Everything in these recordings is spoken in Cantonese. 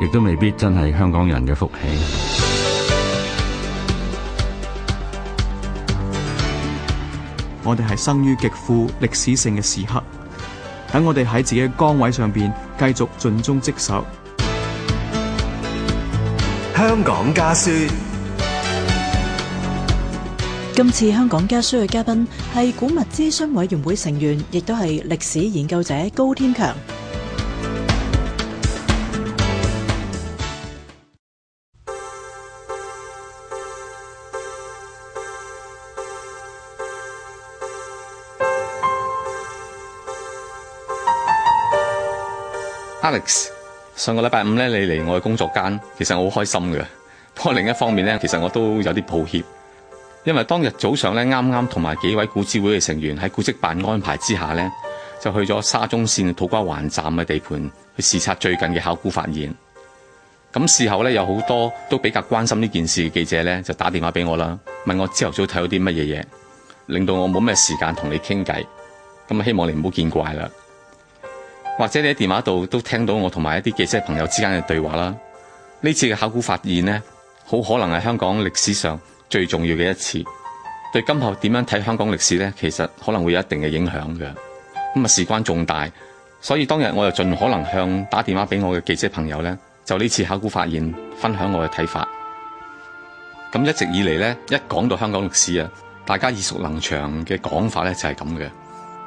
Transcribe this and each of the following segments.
亦都未必真係香港人嘅福氣。我哋係生於極富歷史性嘅時刻，等我哋喺自己嘅崗位上邊繼續盡忠職守。香港家書。今次香港家書嘅嘉賓係古物諮詢委員會成員，亦都係歷史研究者高添強。Alex, 上個禮拜五咧，你嚟我嘅工作間，其實我好開心嘅。不過另一方面咧，其實我都有啲抱歉，因為當日早上咧，啱啱同埋幾位古諮會嘅成員喺古蹟辦安排之下咧，就去咗沙中綫土瓜灣站嘅地盤去視察最近嘅考古發現。咁事後咧，有好多都比較關心呢件事嘅記者咧，就打電話俾我啦，問我朝頭早睇到啲乜嘢嘢，令到我冇咩時間同你傾偈。咁希望你唔好見怪啦。或者你喺電話度都聽到我同埋一啲記者朋友之間嘅對話啦。呢次嘅考古發現呢，好可能係香港歷史上最重要嘅一次，對今後點樣睇香港歷史呢，其實可能會有一定嘅影響嘅。咁啊，事關重大，所以當日我又盡可能向打電話俾我嘅記者朋友呢，就呢次考古發現分享我嘅睇法。咁一直以嚟呢，一講到香港歷史啊，大家耳熟能詳嘅講法呢，就係咁嘅。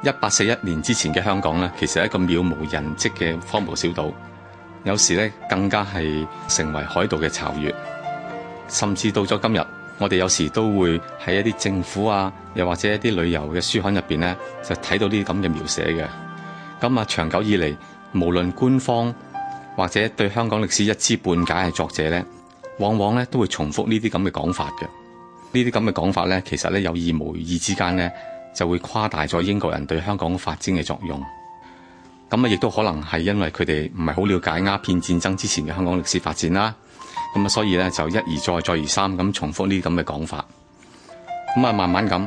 一八四一年之前嘅香港呢，其實係一個渺無人跡嘅荒蕪小島，有時呢更加係成為海盜嘅巢穴，甚至到咗今日，我哋有時都會喺一啲政府啊，又或者一啲旅遊嘅書刊入邊呢，就睇到呢啲咁嘅描寫嘅。咁啊，長久以嚟，無論官方或者對香港歷史一知半解嘅作者呢，往往呢都會重複呢啲咁嘅講法嘅。呢啲咁嘅講法呢，其實呢有意無意之間呢。就會誇大咗英國人對香港發展嘅作用，咁啊，亦都可能係因為佢哋唔係好了解鴉片戰爭之前嘅香港歷史發展啦，咁啊，所以咧就一而再、再而三咁重複呢咁嘅講法，咁啊，慢慢咁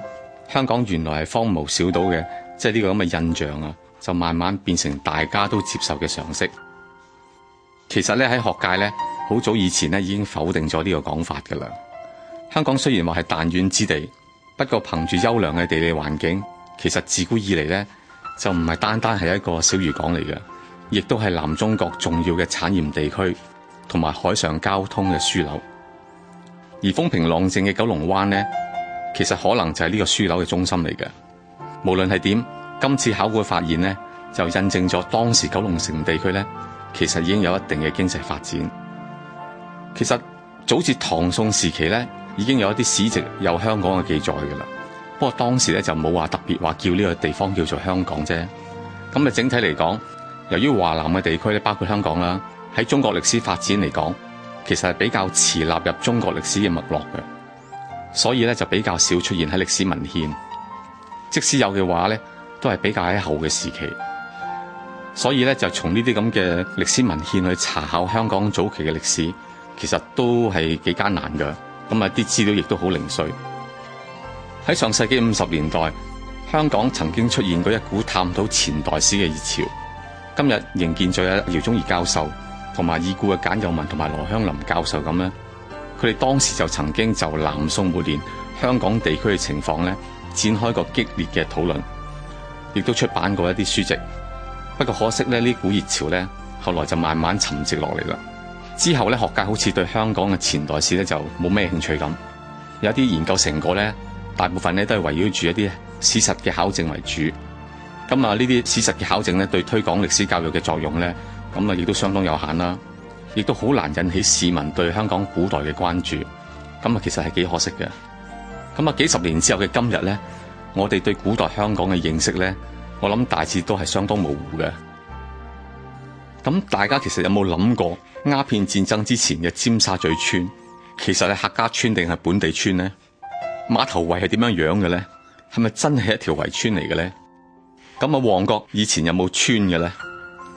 香港原來係荒蕪小島嘅，即係呢個咁嘅印象啊，就慢慢變成大家都接受嘅常識。其實咧喺學界咧，好早以前咧已經否定咗呢個講法㗎喇。香港雖然話係彈丸之地。不過憑住優良嘅地理環境，其實自古以嚟呢，就唔係單單係一個小漁港嚟嘅，亦都係南中國重要嘅產鹽地區同埋海上交通嘅樞紐。而風平浪靜嘅九龍灣呢，其實可能就係呢個樞紐嘅中心嚟嘅。無論係點，今次考古發現呢，就印證咗當時九龍城地區呢，其實已經有一定嘅經濟發展。其實早至唐宋時期呢。已經有一啲史籍有香港嘅記載嘅啦，不過當時咧就冇話特別話叫呢個地方叫做香港啫。咁啊，整體嚟講，由於華南嘅地區咧，包括香港啦，喺中國歷史發展嚟講，其實係比較遲納入中國歷史嘅脈絡嘅，所以咧就比較少出現喺歷史文獻。即使有嘅話咧，都係比較喺後嘅時期。所以咧，就從呢啲咁嘅歷史文獻去查考香港早期嘅歷史，其實都係幾艱難嘅。咁啊，啲資料亦都好零碎。喺上世紀五十年代，香港曾經出現過一股探討前代史嘅熱潮。今日仍見咗有饒宗頤教授同埋已故嘅簡又文同埋羅香林教授咁咧，佢哋當時就曾經就南宋末年香港地區嘅情況咧，展開過激烈嘅討論，亦都出版過一啲書籍。不過可惜呢，呢股熱潮咧，後來就慢慢沉寂落嚟啦。之後咧，學界好似對香港嘅前代史咧就冇咩興趣咁，有一啲研究成果咧，大部分咧都係圍繞住一啲事實嘅考證為主。咁啊，呢啲事實嘅考證咧，對推廣歷史教育嘅作用咧，咁啊亦都相當有限啦，亦都好難引起市民對香港古代嘅關注。咁啊，其實係幾可惜嘅。咁啊，幾十年之後嘅今日咧，我哋對古代香港嘅認識咧，我諗大致都係相當模糊嘅。咁大家其實有冇諗過鴉片戰爭之前嘅尖沙咀村，其實係客家村定係本地村呢？馬頭圍係點樣樣嘅咧？係咪真係一條圍村嚟嘅咧？咁啊，旺角以前有冇村嘅咧？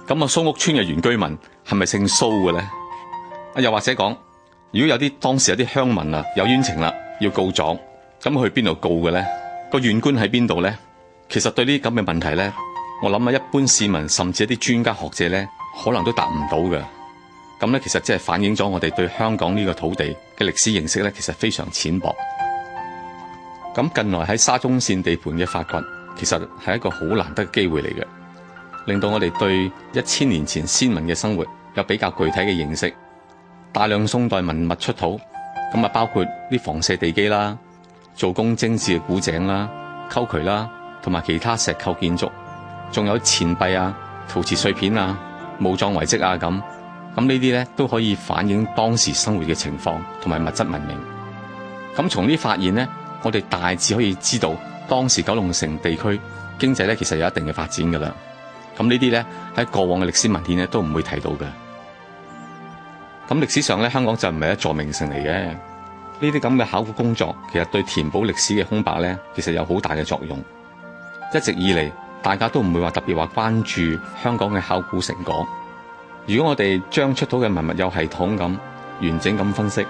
咁啊，蘇屋村嘅原居民係咪姓蘇嘅咧？啊，又或者講，如果有啲當時有啲鄉民啊，有冤情啦，要告狀，咁去邊度告嘅咧？個縣官喺邊度咧？其實對呢啲咁嘅問題咧，我諗啊，一般市民甚至一啲專家學者咧。可能都達唔到嘅，咁咧其實即係反映咗我哋對香港呢個土地嘅歷史認識咧，其實非常淺薄。咁近來喺沙中綫地盤嘅發掘，其實係一個好難得嘅機會嚟嘅，令到我哋對一千年前先民嘅生活有比較具體嘅認識。大量宋代文物出土，咁啊包括啲房舍地基啦、做工精緻嘅古井啦、溝渠啦，同埋其他石構建築，仲有錢幣啊、陶瓷碎片啊。墓葬遺跡啊，咁咁呢啲咧都可以反映當時生活嘅情況同埋物質文明。咁從呢發現呢，我哋大致可以知道當時九龍城地區經濟咧其實有一定嘅發展噶啦。咁呢啲咧喺過往嘅歷史文獻咧都唔會提到嘅。咁歷史上咧，香港就唔係一座名城嚟嘅。呢啲咁嘅考古工作，其實對填補歷史嘅空白咧，其實有好大嘅作用。一直以嚟。大家都唔會話特別話關注香港嘅考古成果。如果我哋將出土嘅文物有系統咁完整咁分析，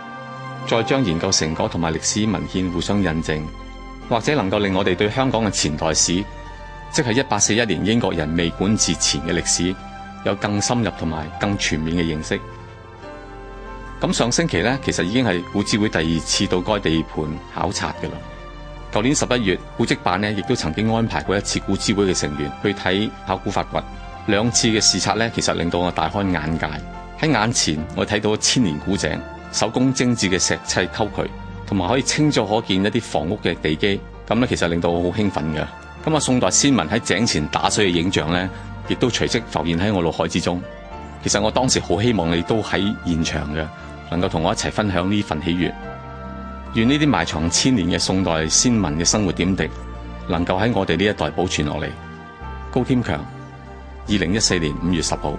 再將研究成果同埋歷史文獻互相印證，或者能夠令我哋對香港嘅前代史，即係一八四一年英國人未管治前嘅歷史，有更深入同埋更全面嘅認識。咁上星期呢，其實已經係古諮會第二次到該地盤考察嘅啦。舊年十一月，古蹟辦咧亦都曾經安排過一次古諮會嘅成員去睇考古發掘，兩次嘅視察呢，其實令到我大開眼界。喺眼前，我睇到千年古井，手工精緻嘅石砌溝渠，同埋可以清楚可見一啲房屋嘅地基，咁呢，其實令到我好興奮嘅。咁啊，宋代先民喺井前打水嘅影像呢，亦都隨即浮現喺我腦海之中。其實我當時好希望你都喺現場嘅，能夠同我一齊分享呢份喜悅。願呢啲埋藏千年嘅宋代先民嘅生活點滴，能夠喺我哋呢一代保存落嚟。高添強，二零一四年五月十號。